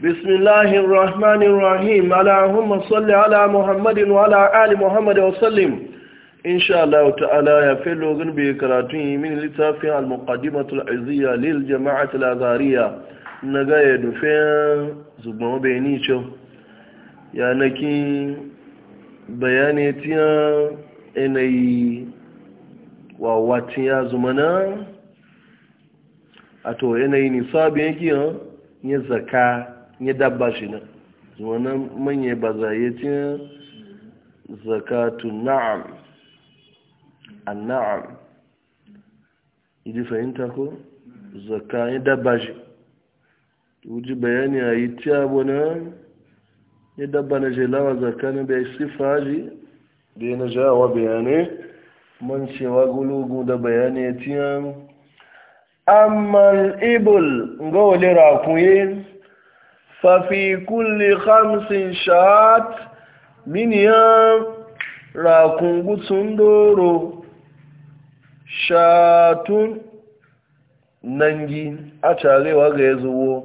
بسم الله الرحمن الرحيم اللهم صل على محمد وعلى ال محمد وسلم ان شاء الله تعالى يا يفعل وغن بكراتين من لتافع المقدمه العزيه للجماعه الأغارية نغاية دفين زبما بينيتو يا نكي بيانيتيا اني وواتيا زمنا اني نصاب يكي يا زكاه ya dabba shi na wannan manyan ba yi ce zakatu na'am an na'am idi fahimta ko zaka ya dabba shi wuji bayani a yi abu na ya dabba na shelawa zaka na bai sifa ji da yana jawa bayanai man cewa gulugu da bayani ya tiyan amma ibul ga wale rakuyin ففي كل خمس شات من يام راكم سندورو شاتون ننجي أتالي وغيزو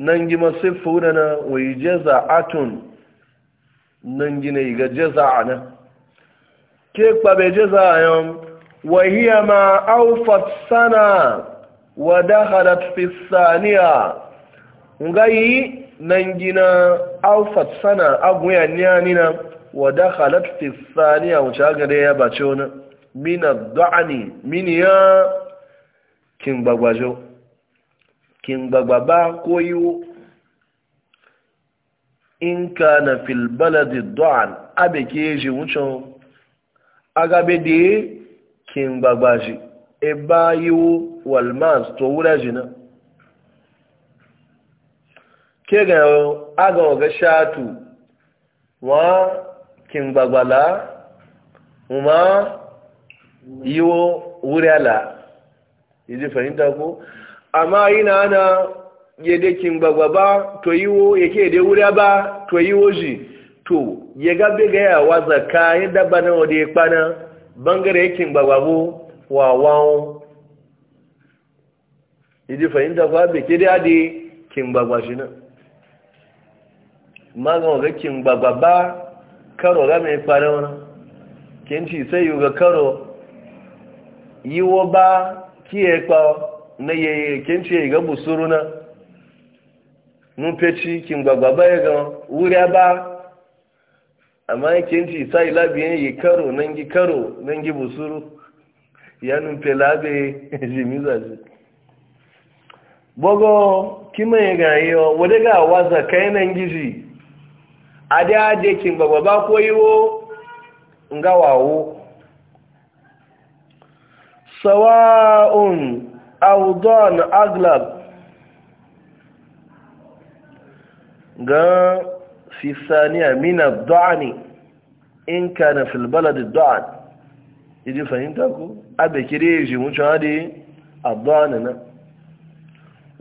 ننجي ما سفورنا ويجزا أتون ننجي نيجا جزعنا كيف بابي جزا يوم وهي ما أوفت سنة ودخلت في الثانية ngayi nan gina alfat sana aguya nina wa dakhalat fi thaniya wuce gare ya bace wani mina da'ani mini ya kin gbagbajo kin gbagbaba ko yiwo in kana fil baladi da'an abe ke ji wucin agabe da kin gbagbaji e ba yiwo walmas to wura jina ke ga aga oga shatu wa kimgbagbala ma yiwo wurala yaji fahimta ko amma na ana yade kimgbagba ba to yiwo yake yade wura ba to yiwo ji to ya gabe ga yawa zaka ya daba na wade ya kpana bangare ya kimgbagba bu wa wawon yaji fahimta ko abe ke dai ade kimgbagba shi na. magan ga kin gbagba karo ga mai fara wani kinci sai yi ga karo yi wo ba kiye kpa na yayi kinci ya ga busuru na nufeci kin gbagba ya ga wuri ba amma kinci sai labiyan yi karo nan gi karo nan gi busuru ya nufe labe jimiza ji bogo kima ya ga yi wa wadda ga kai nan gizi adáadé kí n bàbá bá kó yíwó ngáwàwó sawa'un awdon aglab gan fi saniya mina da'ani in kana fil balad da'an idi fahimta ko abe kire ji mun cewa dai adana na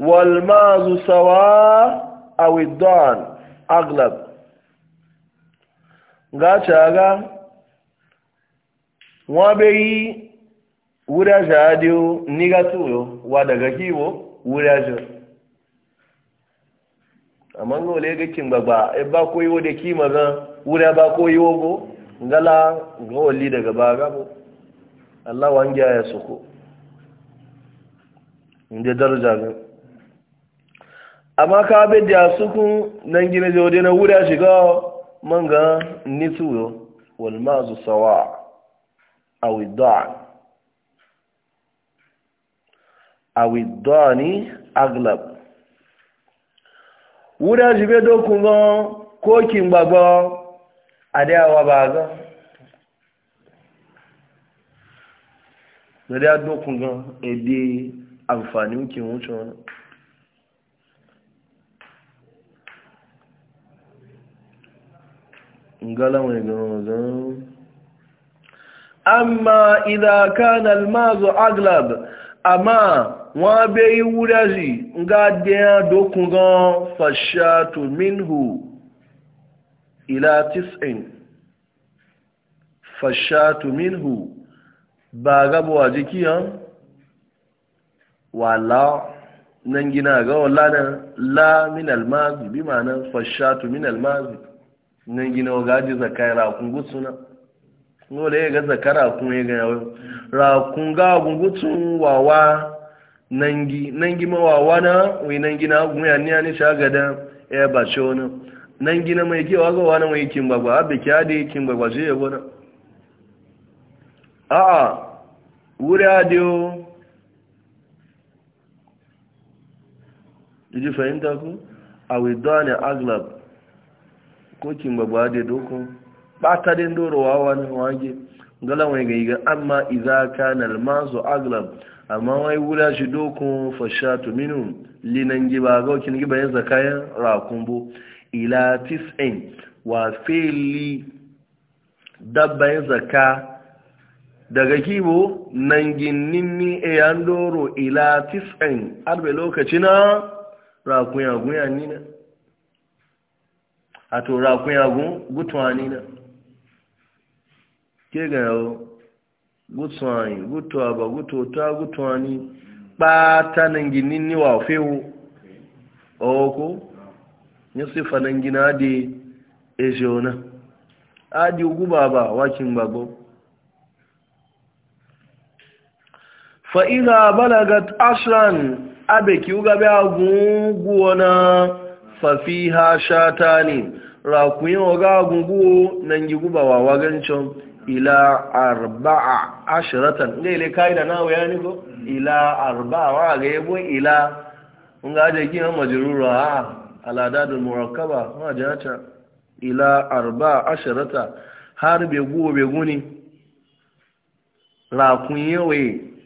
wal mazu sawa aw da'an aglab gacha agha nwabeghị wuraja adịu nigatuyo wadaga kiwo wuraja amma ga wale ga kin gbagba e ba koyiwo da kima ga wura ba koyiwo go ngala ga wali daga ba gabo Allah wange ya suko inda daraja ga amma ka be da sukun nan gina jode na wura shiga man ga nisu yo wal mazu sawa aw idda aw iddani aglab wuda jibe do kun ga ko kin gbagbo adawa ba ga lori adokun gan ede amfani kin wuce wani galama gan amma idan kana almazu aglab amma wọn bẹ yi wúrẹ́rì nga dẹ́yà dokun gan fàṣàtò minhu ila tis'in fàṣàtò minhu ba gabo a jikiyan wàlá nan gina ga wàlá la min almazi bi ma na fàṣàtò min almazi nan gina gaji zakai rakun gutsuna no da ya ga zaka rakun ya ga yawon rakun ga gungutsun wawa nangi nangi ma wawa na wai nangi na agun ya niya ni shagada ya ba shi wani nangi na mai kewa ga wani mai kin bagwa abu kya da kin bagwa shi ya gona a'a wuri adiyo Did you fahimta ku? A will ne aglab ko kin ba ba doko ba ta den doro wawa na wage ngala wai ga iga amma iza kana al mazu aglab amma wai wula shi doko fashatu minum linan giba ga kin giba yan zakaya rakumbu ila tis'in wa fili dabba yan zakaya daga kibo nan ginninni e yan doro ila tis'in arbe lokaci na rakunya gunya ni na a to rakun yagun gutuwani na ke ga yawo gutuwani gutuwa ba gutuwa gutuwani ɓata nan ginin ni e wa fewo oko ya sifa nan gina da ejona adi guba ba wakin gbagbo fa'iza balagat ashran abe ki ugabe agun guwa na fafiha shatani rakuyin waga gungu nan gi gubawa wagancin ila arba'a ashiratan ga ile kaida na waya ni ko ila arba'a wa ga yabo ila nga je gina majrura ha aladadul murakkaba ma jata ila arba'a ashirata har be go be guni rakuyin we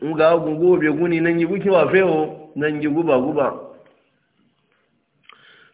nga gungu be guni nan gi guki wa feo nan gi guba guba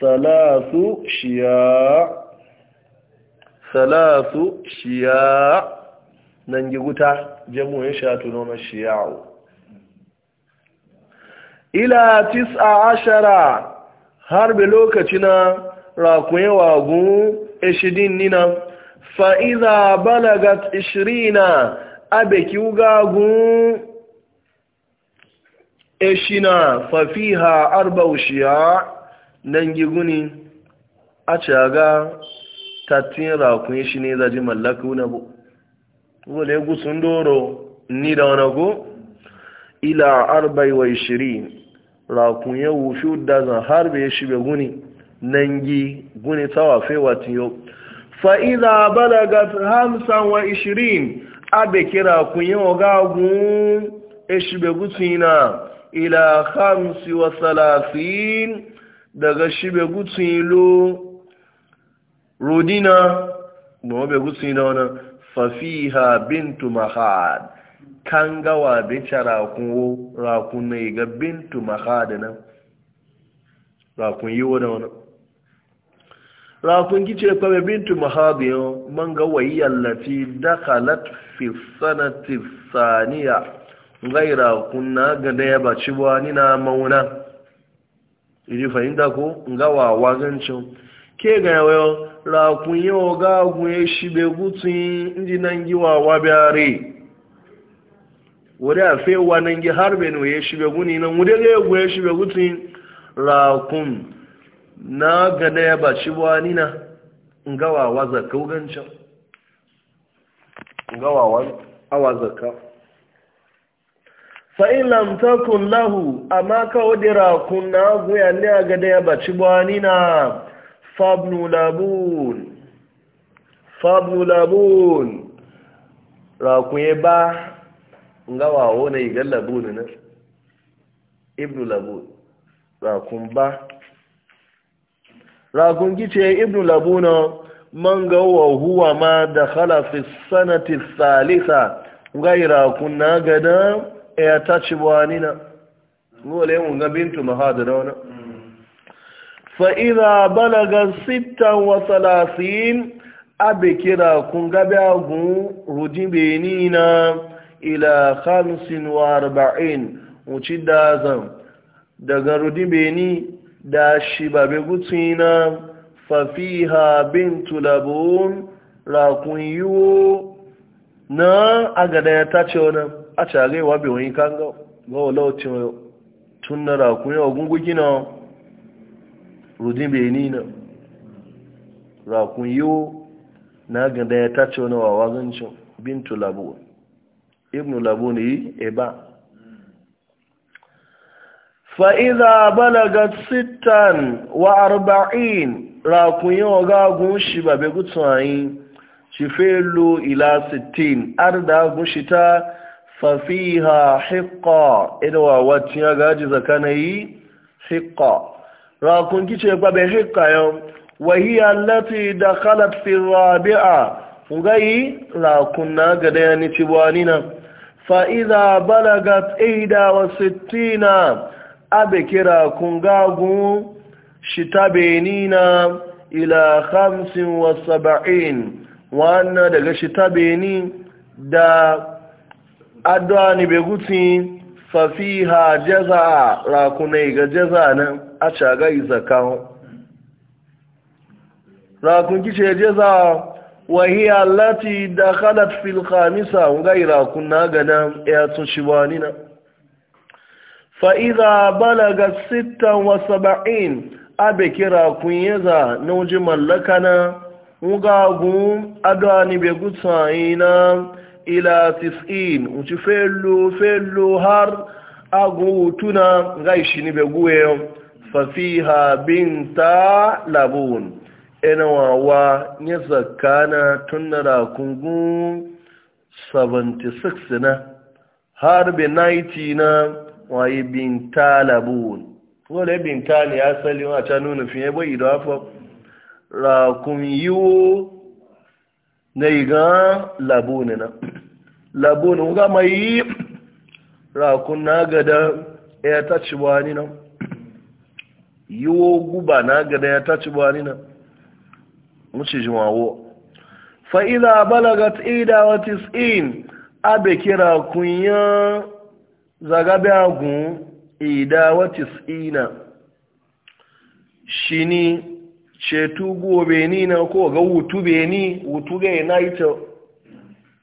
thalathu shiya thalathu shiya nan giguta jamu'in shatu ila tis'a har be lokaci rakuye wagu 20 nina fa idha balagat ishirina abe kiugagu ishina fa fiha Nangi guni a ga tattin rakun shi ne zaji mallaka wuna bu wale gusun doro ni da wani go ila arba'i wa ishirin rakun ya wufi dazan harbe shi be guni nangi guni tawafe watin yau fa'iza ga hamsan wa ishirin abe kira kun yi ogagun be gutina ila hamsi wa salasin daga shi bai gutsun ilo rodina ba bai gutsun da wani fafiha bintu mahad kan gawa bica rakun rakun na iga bintu mahad na rakun yi wani wani rakun gice kwabe bintu mahad yau man gawa yi allafi daga latfi sanatif saniya gaira kunna ga da ya baci ba ni na mauna iri fahimta ko ngawa wagancin ke gaya yawayo rakun yawa ga gunye shi be gutun ndi nan giwa wa biare wuri a fewa nan gi har be ne shi be guni nan wuri ga gunye shi be gutun rakun na ga ya baci wa nina ngawa wa zakka ugancin ngawa wa awa fa'in lamtakun lahu amma kawo dira kunna guya ne a gada ya baci buwani na fabnulabun fabnulabun rakunye ba ngawa wane igar labun na ibnulabun rakun ba rakun gice ibnulabuna man gawa huwa ma da halafis sanatis salisa gaira kunna gada E, ya ta ci wani na gole yin ga bintu mahadu da wani fa'iza balaga sittan wa salasin abe kira kun gabi agun rudin beni na ila hamsin wa arba'in wuci dazan daga rudin beni da shi babe gutsina fafiha bintu labun rakun yiwu na agada ya tace wani a cage wa bai wani kan ga wala tun na rakun yawa gungu na rudin bai ni na rakun yiwu na ganda ya tace wani wawa zancin bintu labo ibnu labo ne yi eba fa'iza balagat sittan wa arba'in rakun yawa gagun shi ba bai gutsu ayin shi fe lo ila sittin ar da ta fafiha hiƙa idawa wacce ya gaji zakanayi hiƙa rakun kice gbabe hiƙa yau wahiya lati da khalat rabi'a gayi rakun na gada ya nici buwani na fa'iza balagat ida wa sittina abe kira kun gagu shi tabenina ila hamsin wa saba'in wannan daga shi tabeni da addu'a ni bai guti fafiha jaza rakunai ga jaza nan a caga izakawo rakun kice jaza wahiya lati da khalat fil khamisa gai rakun na ga e nan ya tun shi wani na fa idza balaga 76 abe kira kun yaza na wuji mallaka na ga addu'a ni bai ila tis'in uti fellu fellu har agu tuna ngai shini be guwe fafiha binta labun ina wawa ne zakana tun na rakungun 76 na har be 90 na waye binta labun wale binta ne asali wata nuna fiye bai idafa rakun yiwu. na yi ga labuni na labuni ga mai yi rakun na gada ya taci wani na yi wo guba na gada ya taci wani na wuce jimawo fa'iza balagat ida wa tsin abe kira kunya zagabe agun ida wa tsina shi ni shetu gobe ni na ko ga wutu be ni wutu ga yana ita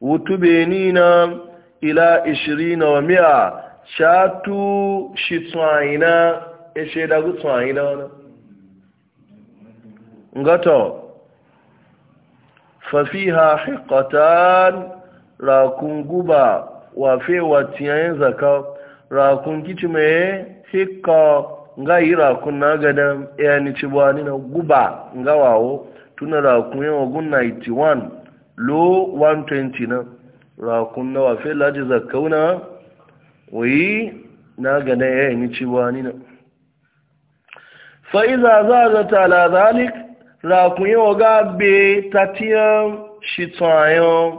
wutu be ni na ila 20 na mi'a shatu shitwaina e sheda gutwaina wana ngato fa fiha hiqatan rakunguba wa fi watiyan zakka rakun kitime hiqqa nga yi rakun na gada ya ni ci ba ni na guba nga wawo tuna rakun yawa gun 91 lo 120 na rakun na wafe laji na wayi na gada ya ni ci ba ni na fa'iza za za ta la rakun yawa gabe tatiyan shi tsayon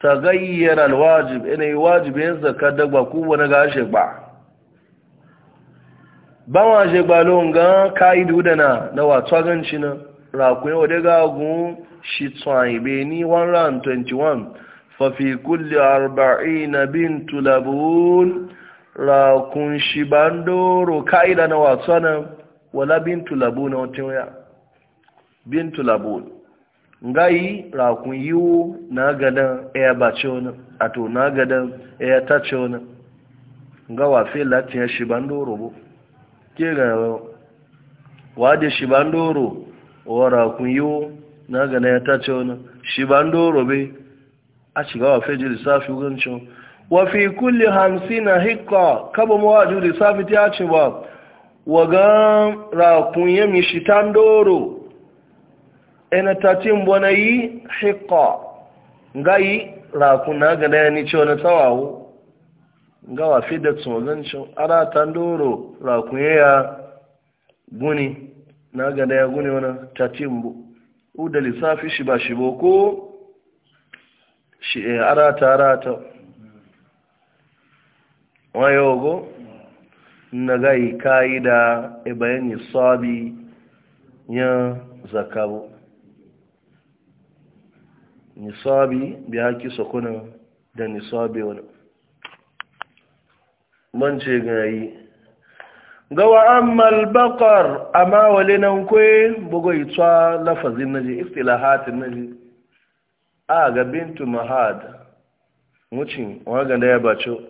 ta gayyar alwajib ina yi wajibin zaka dagba kubo wani gashi ba bawa je balon ga kaidu dana na na wato ganci na rakun yau daga gun shi tsohon ibe ni 121 fafi kulle 40 bintu tulabun rakun shi bandoro kaida na wato na wala bintu tulabun na wata waya bintu labun ngayi rakun yiwu na gadan e ya bace wani ato na gadan e ya tace wani wa wafe latin ya shi bandoro bu ke ga wade shi bandoro wara kun yiwu na gana ya tace wani shi bai a shiga wa feji lissafi gancin wa fi kulli hamsina hikka kaba mawaju lissafi ta ce ba wa rakun ya mishi tandoro ina tatin bona yi ga yi rakun na gana ya ni ce wani tsawawo gawa fi da tsogancin aratan doro rakunye ya guni na gada ya guni wani tatimbo uda lissafi shi ba shi boko shi ya eh, arata arata wayo go na gai kayi da ibayen e nisabi ya zakabu nisabi bi ki sokunan da nisabi wani man ce gayi ga wa ammal baqar amma wale nan kwe bugo itwa lafazin naji istilahatin naji a ga bintu mahad mucin waga da ya bacho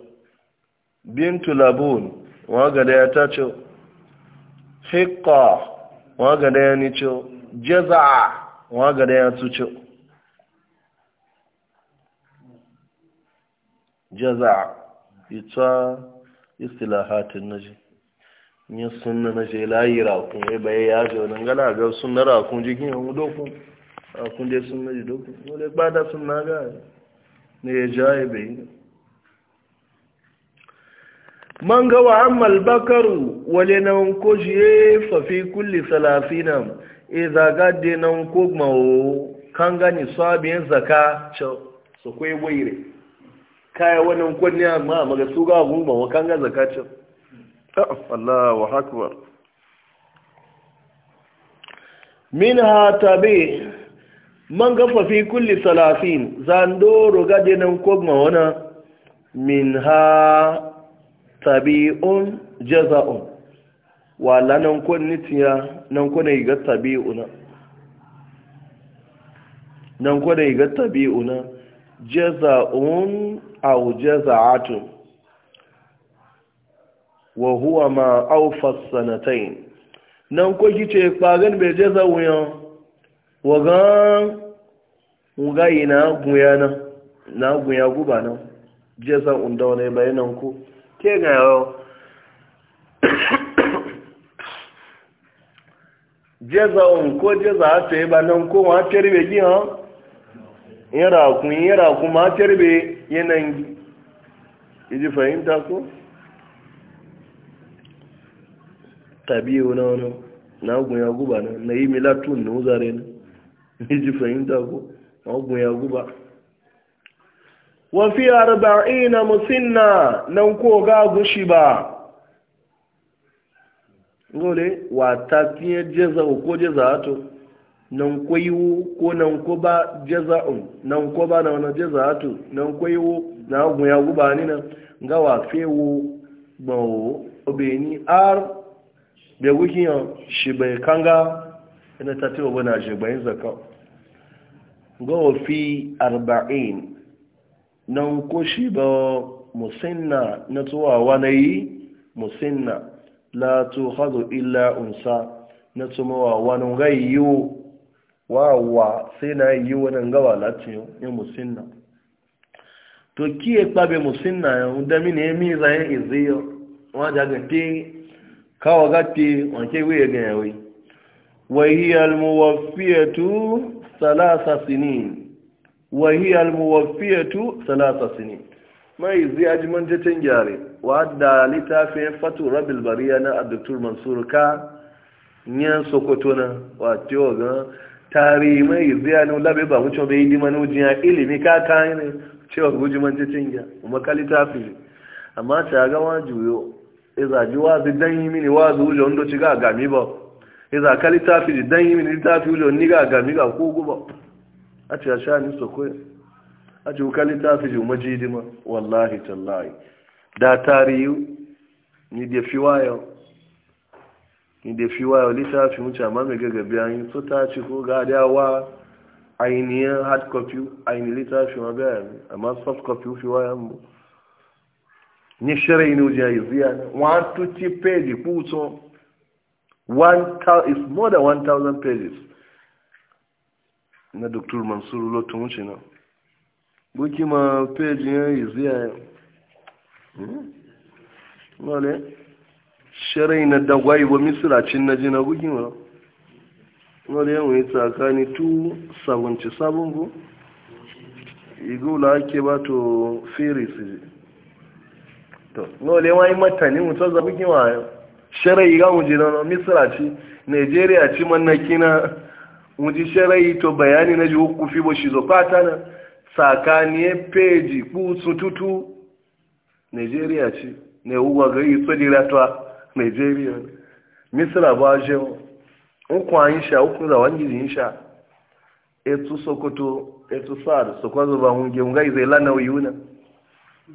bintu labun waga da ya tacho hiqqa waga da ya nicho jaza waga da ya tucho jaza itwa istilahatin naji ni sunna naje layi rakun e baye ya ga nan gana ga sunna rakun jikin mu doku rakun dai sunna ji doku wala ba da sunna ga ne ya jaye bai man ga wa amal bakaru wale nan ko jiye fa fi kulli salafina idza e gadde nan ko mawo kan gani sabiyan zaka so kwai waire kaya wannan kwanni ma maga su ga gumba wa kan ga zakacin Allahu wa akbar minha tabi man gafa fi kulli salasin zandoro gade nan kogma wana minha tabi'un jaza'un wala nan kunni tiya nan kwanai ga tabi'una nan kwanai ga tabi'una jaza'un au jaza'atun wa huwa ma awfa sanatayn nan ko gice pagan be jaza'un yo waga muga ina guyana na guya guba nan jaza'un da wani bayanan ku ke ga yo jaza'un ko jaza'atu ba nan ko wa tarbe gi ha yara kun yara kuma tarbe yanayin iji fahimta ko tabiyo na wani na gun ya guba na na yi milatun na wuzare na iji fahimta ko na gun ya guba wafi arba'i na musinna na ko ga gushi ba gole wata fiye jeza ko jeza ato nan kwayo ko nan ko ba jaza'un nan ko ba na wani jaza'atu nan kwayo na ya guba ni nan ga wa fewo gbawo obeni ar bai wikin yau shi bai kanga ina ta tewa bana shi bai zaka ga wa fi arba'in nan ko shi ba musinna na tuwa yi musinna la tu hadu illa unsa na tumawa wani gayi yiwu wa sai na yi wannan gawa latin yin musinna to kiye kpabe musinna yau da mini ya miza yin iziyo wọn jaga te kawo ga te wanke wuye ga yawai wahiyar muwafiyatu salasa sinin wahiyar muwafiyatu salasa sinin mai zai ajiman jatin gyare Da littafin fatu rabil bariya na abdultur mansur ka yan sokoto na Wa wato ga tari mai ziya ne labe ba mucho bai di manu jiya ilimi ka kai ne cewa guji man cicin ya kuma kalita fi amma ta ga wa juyo iza ji wa bi dan yimi ne wa zu jo ndo ci ga gami ba iza kalita fi dan yimi ne ta fi jo ni ga gami ga ku guba a ce sha ni so ko a ce kalita fi jo majidima wallahi tallahi da tari ni da fi wayo inda fi wayo littafin wuce amma mai gagabi an so ta ci ko gada wa ainihin hard copy ainihin littafin wa gaya ne amma soft copy fi wayo mu ni shirai ne wuce yi ziya ne one page kuto one thousand is more than one thousand pages na dr mansur lotun wuce na buki ma page ya yi ziya hmm? ne wale shirai na dagwai ba misiracin na jina gugin wa wadda yawon yi tsakani 277 ko igula ake ba to firis to nole wani matani mutu za gugin wa shirai ga mu jina na misiraci nigeria ci mannaki na muji shirai to bayani na ji hukufi bo shi zo fata na tsakani peji kutu tutu nigeria ci ne ugwa gari ratuwa nigeria misira ba aje uku an sha uku da wani sha etu sokoto etu sar so kwazo ba hunge mun gai lana wiyuna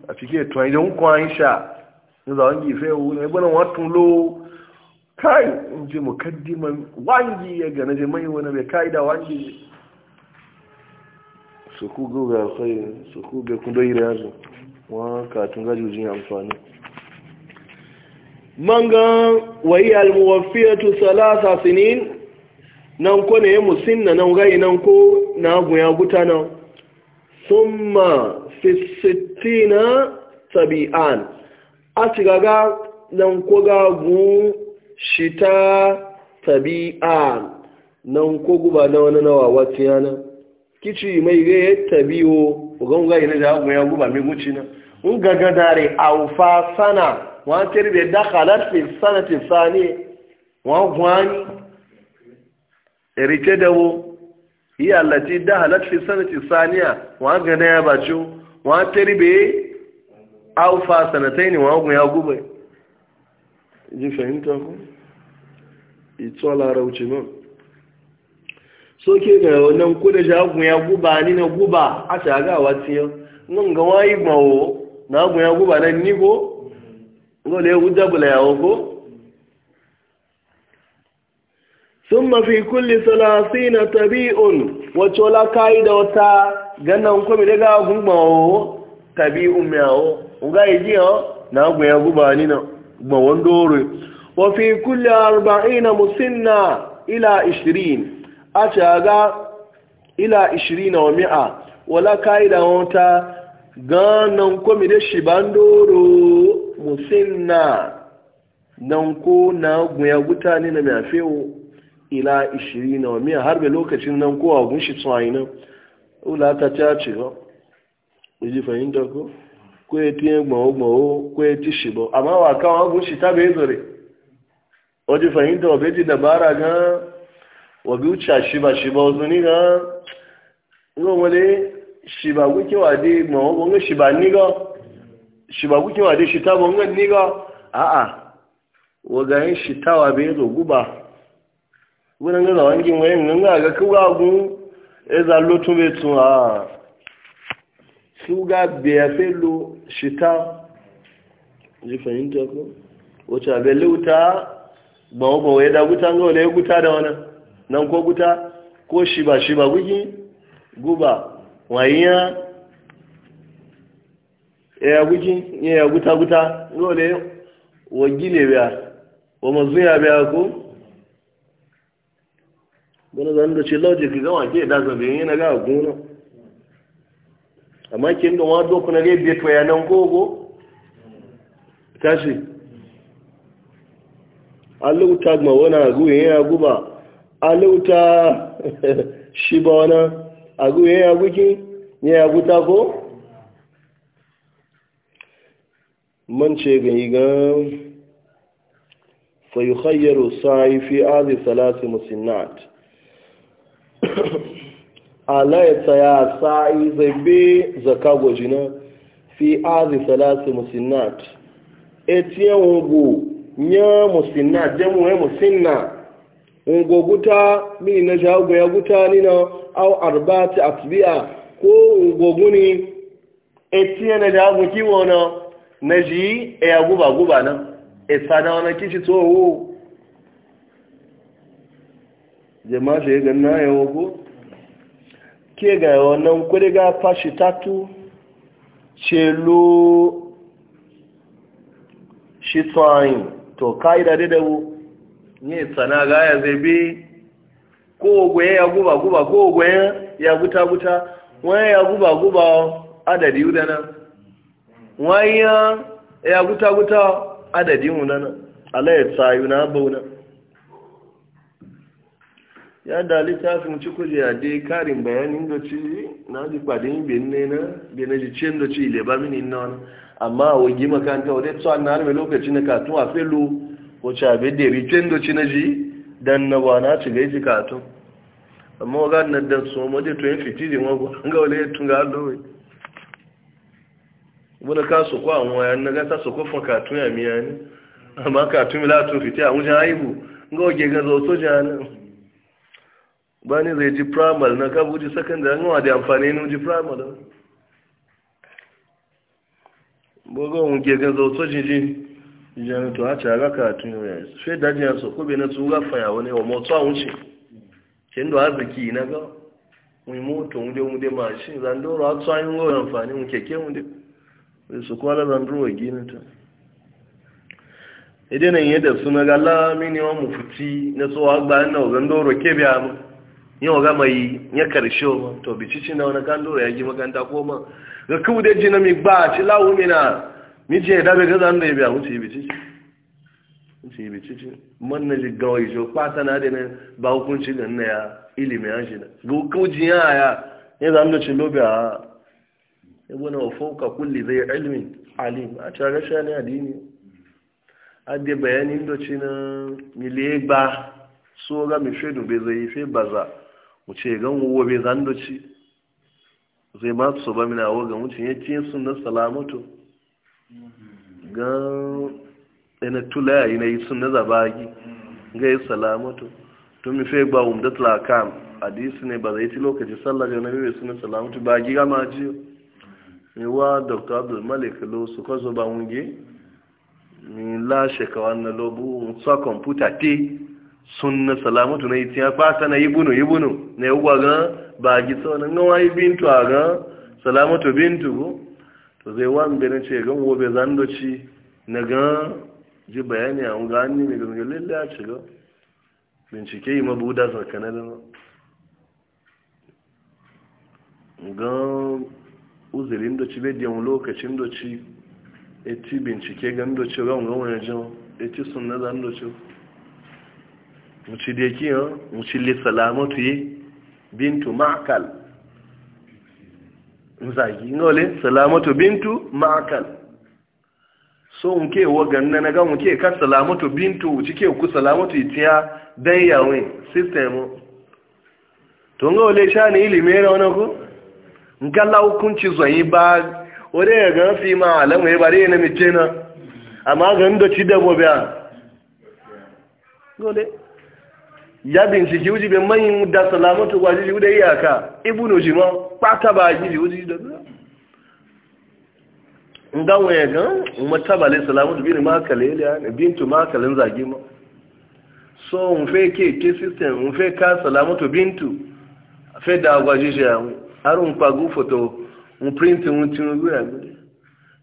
afike etu to an idan ku an sha da wani fe wu ne bana watun lo kai nje ji mukaddiman wangi ya ga na je mai wani bai kai da wangi su ku ga sai su ku ga kun dai yazo wa ka tun ga jujin amfani manga wayi almuwaffiyatu salasa sinin nan ko ne musinna nan gai nan ko na guya gutana summa fi sittina tabi'an a cigaga nan ko ga gu shita tabi'an nan ko guba na wani nawa wata yana kici mai gaya tabi'o ga gai ina da guya guba mai guci na un gagadare aufa sana wọ́n kéré bẹ̀ dáka láti sánàtì sáni wọ́n gwani rike dawo yi allaci daha láti sánàtì saniya wọ́n gana ya bacu wọ́n kéré bẹ̀ alfa sanatai ne wọ́n gwani agube ji fahimta ku itsola rauci nan soke ga wannan kuda jagun ya guba ni na guba a shagawa tiyo nan ga wayi mawo na gun ya guba na nan nigo ngole hujjabula yawo ko summa fi kulli salasina tabi'un wato la kaida wata ganan ko mi daga gumba wo tabi'un yawo uga yi o na gwe ya guba ni na wondore wa fi kulli musinna ila 20 achaga ila 20 wa mi'a wala kaida wata ganan ko mi shibandoro musilna nan ko na guya mutane na mafewo ila 20 na miya har bai lokacin nan ko a gunshi tsayi nan ula ta ta ce ba ji fahimta ko ko ya tiye gbawo gbawo ko ya ti shi ba amma wa kan wa gunshi ta bai zore o ji fahimta wa bai ji dabara ga wa bi wuce shi ba shi ba wasu ni ga ngomale shi ba guke wa dai gbawo gbawo shi ba ni ga shi ba kuke wade shi ta bangon ni ga a'a wagayen shi tawa bai zo guba wurin gaza wangin wayan nan ga ga kuwa gun e za lotu bai tun a su ga biya felo shi ta ji fahimta ko wacce abin lauta gbawo wa ya da guta ga wale ya guta da wani nan ko guta ko shi ba shi ba gugi guba wayan ya guji ya guta guta dole wa gile biya wa mazuya biya ko gona zan da ce logic zama ke da zabe yana ga gona amma ke ga wa kuna na biya to nan gogo tashi alauta ma wana gu ya guba alauta shi ba wana ya yana guki ya guta ko man ce gani gan fayukhayyaru sa'i fi azi salasi musinnat ala ya tsaya etiyan wugu nya musinnat jamu ya musinna ungoguta mini na jago guta nina au arbati atbi'a ko ungoguni etiyan na kiwo na na ji e ya guba-guba nan e tsada wani kishi tsoho jama'a shi ga na ya wago ke ga wannan kuriga fashi tatu celo shi tsayin to ka'ida da dabu ne ga ya zai bi ko gwaye ya guba-guba ko ya guta-guta wani ya guba-guba adadi yudana. wanya ya guta-guta adadin wunana alayar tsayu na bauna ya da littafin cikuje a dai karin bayanin da ci na ji kwadin benin na benin jicen da ci leba mini na wani amma a wagi makanta wadda tsawa na harbe lokaci na katun a felo wacce chabe da ricen da ci na ji dan na ba na ka gaiji katun amma waga na da su ma da 2015 wago an ga wale tun ga allowai bọ́dá ká sọ̀kọ́ àwọn a sọ̀kọ́ fún kàtún ẹ̀mí ẹni àmá kàtún mi látún fìtí àwọn jẹ́ àìbù ngọ́ jẹ́ gẹ́gẹ́ tó jẹ́ àná bá ní rẹ̀ jí primal na kábù jí secondary àǹfààní inú primal na. bọ́gọ́ òun jẹ́ gẹ́gẹ́ tó jẹ́ jí ìjẹun tó àti àgá rẹ̀ fẹ́ dájú yẹn sọ̀kọ́ bí ẹni tó wúlá fàyàwó ni ọmọ tó àwọn ṣe ṣe ń lọ àzìkì ìnagọ́ dé dé máa ìlànà àǹfààní kẹ̀kẹ́ dé. su kwala zanruwa ginata idan yin yadda suna gala mini wa mafuti na tsohon agba na ogan doro mu yi wa gama yi ya karshe ma to bicici na wani kan doro ya gi makanta koma ga da ji na mi gba ci lawu mina miji ya dabe gaza da ya biya mutu yi bicici mutu yi bicici man na ji gawa ijo kwata na da na ba hukunci ga na ya ilimin ya shi na ga hukunci ya ya ya zama da cin lobe a ibn wa fauka kulli zai ilmin alim a ta rasha ne adini adde bayanin do cina milegba so ga mi fedu be zai fe baza mu ce gan wo be zan do ci zai ma so ba mina wo ga mutun yace sunna salamatu ga ina tula ina yi sunna zabagi ga ya salamatu to mi fe ba gba umdatul akam hadisi ne ba zai ti lokaci sallah ga nabi sunna salamatu ba gi ga ma jiyo wa dr abdulmalik ló sọkọ́ sọ bá wúnjẹ́ ní láṣẹ̀kọ́ wọn lọ́bú sọ kọ̀mpútà tí sunna salamatu na itiya fata na yibunu yibunu na yawwa ga ba a gi tsawon nan wani bintu a ga salamatu bintu ko to zai wa mu ganin ce gan wobe zandoci na ga ji bayani a ga hannu mai gangan lalle a ci shiga bincike yi mabuda sarkanar gan uzurin da ci bediyan lokacin da ci eti bincike gan da ci ran wani jan eti sunna zan da ci muci da ki yan muci le salamatu yi bintu ma'akal zagi nole salamatu bintu ma'akal so nke ganna na ga muke ka salamatu bintu cike ku salamatu itiya dan yawon system to ngole shani ilimi ne wani ko ngala hukunci zoyi ba wani ya gan fi ma alamu ya bari yana mace na amma ga ndo ci dabo biya dole ya binciki wuji bin manyan da salamatu ba jiji wuda iyaka ibu no jima kwata ba jiji wuji da biya nga waya gan mataba le salamatu bin makale ne bintu makalin zage ma so nfe ke ke system nfe ka salamatu bintu fe da gwaji shi yawon har un pagu foto un print un tinugu ya gudu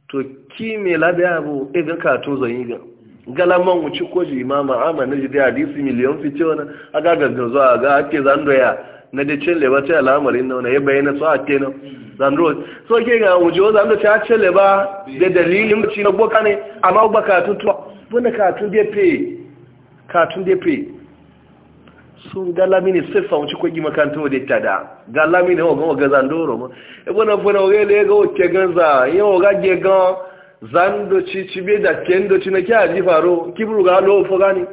to ki me labe abu ka ga katun zan ga galaman wuce koji imama ama na jide hadisi miliyon fice wani aga gangan zuwa ga ake zando ya na da cin leba ta al'amarin na wani ya bayyana su ake na zando so ke ga wuce wani zando ta cin leba da dalilin ci na boka ne amma ba katun tuwa wani katun da katun da sun gala mini siffa wuce kogi makanta wadda ta da gala mini wa gawa gazan doro ma ebe na funa oge da ya ga oke ganza yi wa gage ci da cibe da ci na kya ji faro kibru ga lo fo gani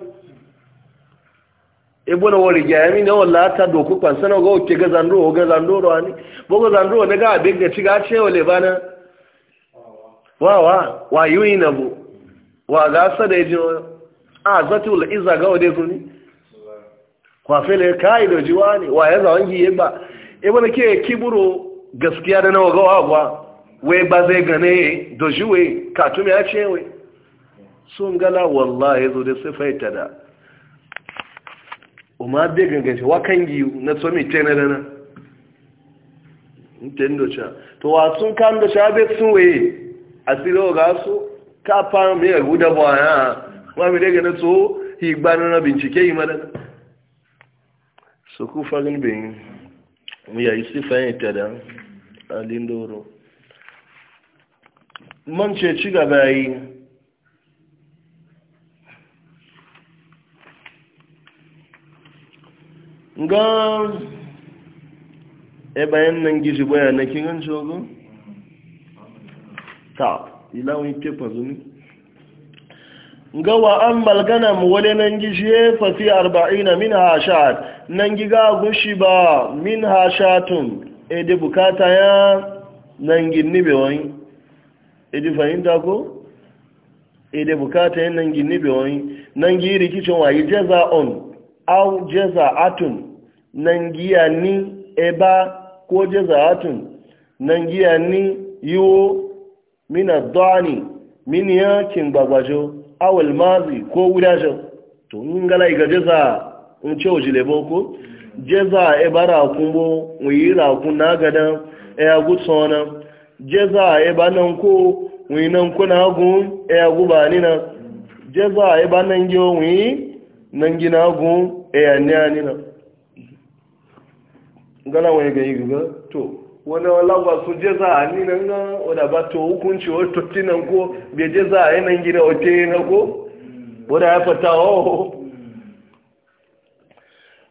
ebe na wuri gaya mini wa lata doku kwansa na ga o gazan doro gazan doro ani bo gazan doro na ga abin da ci ga cewa lebana wawa wa yi ina bu wa gasa da ya e ji a zati wula iza ga wadda ya ni? kwafele kai da jiwa ne wa ya zawon giye ba e wani ke kiburu gaskiya da nawa gawa gwa wai ba zai gane da jiwe katum ya ce wai sun gala wallahi zo da sifaita da umar bai gangashi wakan giyu na tsomi tena da na nintendo cha to wa sun kan da shabe sun waye asiro ga su ka fa mai guda ba ya wa mi daga na so higbana na bincike yi madana su ku fagen bin yayi sifayen ta da alin doro man ce ci gaba yi ga e bayan nan gizi baya na kiran jogo ta ilawun ke fazuni ga wa an balgana mu wale nan gishi e fafi arba'ina min hashad nan giga gushi ba min ha shatun ede bukata ya nan ginni be wani ede fahimta ko ede bukata ya nan ginni be wani nan gi rikicin wayi jeza on au jeza atun nan giya ni eba ko jeza atun nan giya ni yiwo mina dani min yakin gbagwajo awul mazi ko wudajo to ngala iga jeza. nce ojile boko jeza ebe rakun bo wuyi rakun na gada ya gutsu wani jeza ebe nan ko wuyi nan kuna agun ya guba ni na jeza ebe nan gi wuyi nan na agun ya ni ani na gana wani ga yi to wani lagwa su jeza a ni nan ga wadda ba to hukunci wata tinan ko bai jeza a yi nan gina na ko wadda ya fata wa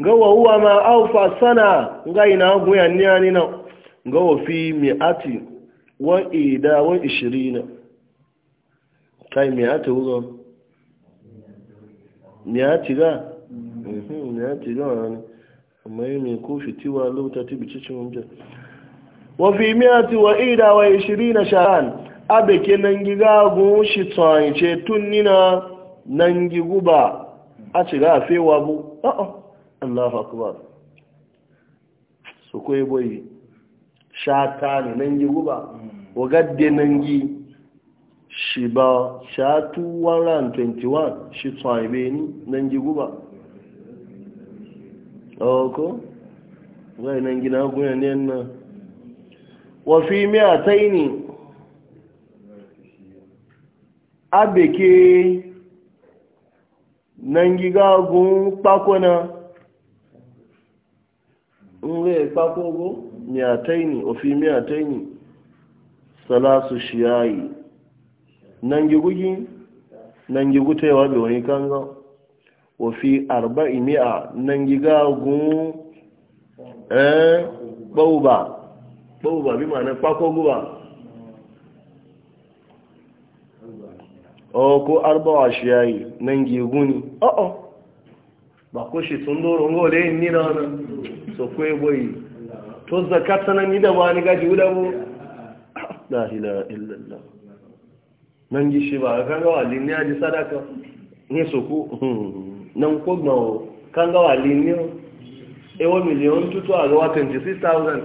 ga wa huwa ma awfa sana ga ina ya ni ani na ga wa fi mi'ati wa ida wa 20 kai mi'ati uzo mi'ati ga mhm, mi'ati ga wani amma yi mai kofi tiwa lauta ti bici cin wunja wa fi mi'ati wa ida wa 20 sharan abe ke nan giga gu shi tsanyi ce tun nina nan guba a ci ga wa bu a'a ah, ah. Allahu akbar su koyi boyi shata ne nan yi guba mm. wagadde nan yi shi ba shatu 121 shi tsaibe ni nan yi guba ɗauko zai nan gina gunan ne na wafi miya ta yi ne abeke nan gigagun kpakona nwe kwakogo miyataini ofi miyataini salasu shiyayi nan gigugi nan gigutewa bi wani kanga ofi arba mi'a nan giga gun eh bauba bauba bi ma'ana kwakogo ba o oh, ko wa shiyayi ni ọ oh, ọ oh. ba ko shi sun doron gole yin na wani so kwe boyi to zakat sanan ni da wani gaji guda mu la ilaha allah nan ji shi ba kan ga wali ne aji sadaka ne so nan ko ga kan ga wali ne ewo million tutu a ga watan 6000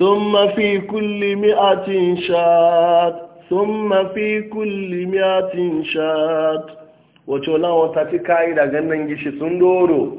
ثم في كل مئة شات ثم في كل مئة wato lawon ta fi da gannan gishi sun doro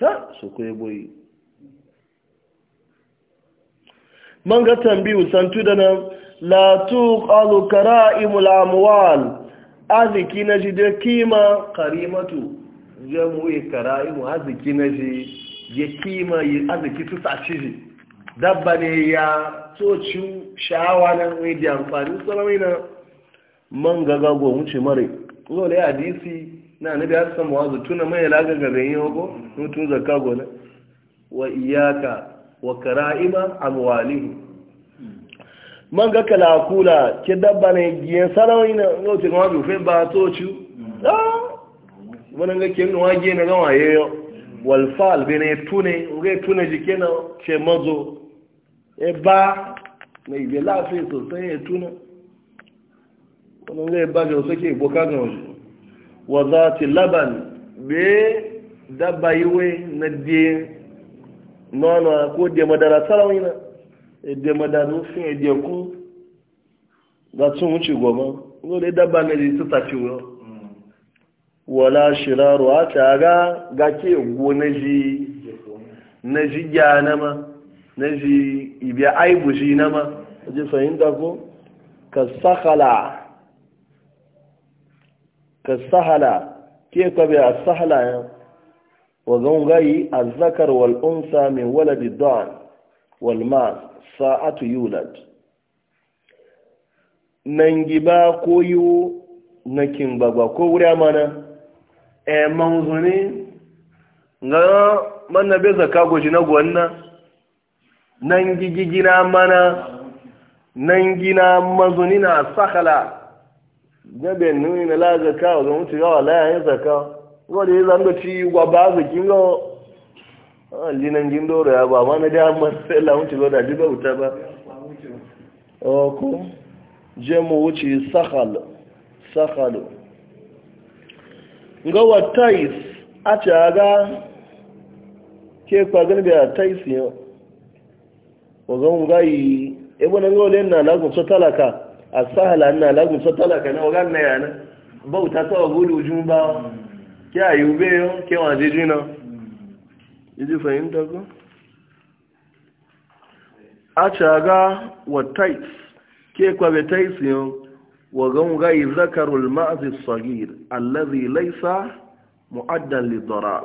ta su kwaye boyi man ga tambiyu santu da nan latu alukara imulamuwal arziki na shi da kima karimatu jamuwe kara'imu arziki na shi ya kima yi arziki su sashi shi dabba ne ya tsoci sha'awa na wai da amfani tsarawai na man gaga gwa wuce mare zo da ya hadisi na nabi ya san mawazu tuna mai laga gabe yin hako mutum zakka gona wa iyaka wa kara'ima amwalihi man ga kala kula ke dabba ne giyan sarawai na yau ga kuma jufe ba to ci ah! wani ga ke nuna giyan na gawa ya yau walfal bene tune ga tune jike na ce mazo e ba mai bai lafi sosai ya tuna wani ga ya ba ga wasu ke boka ga wasu Wazati laban be dabba yiwe na de nɔnɔ ko demadara madara sarawina e de madaru fin e da tun wuce goma no le dabba ne di ta ci wo wala shiraru a ta ga ga ke go na ji na ji na ma na ji ibi aibu ji na ma ji fahimta ko ka sakala ka sahala ke kwabe a sahala yan wagon gayi a zakar wal'unsa min waladi don walma sa'atu yulad nan giba ko yiwu na kin gbagba ko wuri mana e manzuni ga manna bai zaka goji na gwanna nan gigigina mana nan gina mazuni na sahala gabe nuni na laga kawo ga mutu gawa laya yin zaka wadda ya zanga ci gwa ba ga kin ga linan gin doro ya ba ma na da amma sai la mutu da ji bauta ba o ko jemu wuce sakhal sakhal ga wa tais a ta ga ke kwa gani da tais yo wa ga ngai ebo na na so talaka asáhàlà ní alágùn sọ́tọ́lá kẹ́nà ọgá ní ẹ̀yà náà bọ́ ta ọgọ́lù ojú ń ba. Ki kí àyè ó ki ọ́ kí wọ́n àdéjú náà ìdí fẹ̀yìn dọ́gọ́. àṣàgá wọ tait kí ẹ pàbẹ tait yẹn wọ̀gán ga ìzákàrò máàzì sọ̀gìr alẹ́zì lẹ́sà mu'addan lè dọ̀ra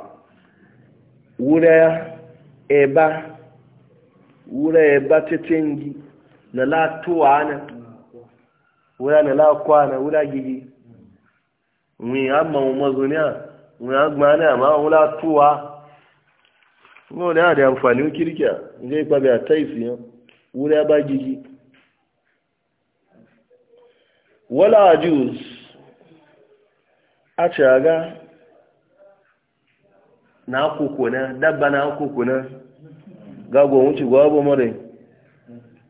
na latuwa wà wula na la na wula gidi wi amma mu mazunya wi agma na ma wula tuwa ngo da da amfani kirkiya ngai kwa ga taisi yo wula ba gidi wala ajuz a caga na kukuna dabba na kukuna gago wuce gwabo mare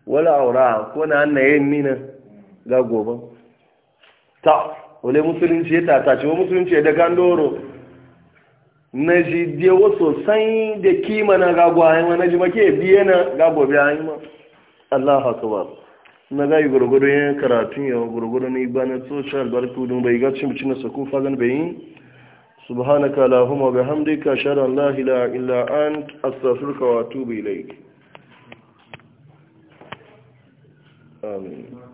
wala aura ko na annayen na. ga gobe ta wale musulunci ya tatace wa musulunci ya daga ndoro na ji dewa sosai da kima na gagwa hanyar na ji make biye na gagwa biya ma Allah haka ba na yi gurgudu yin karatun yawa gurgudu na ibanin social barkudun bai ga cin cina sakun fagen bayin سبحانك اللهم وبحمدك اشهد ان لا اله الا an استغفرك tubi اليك امين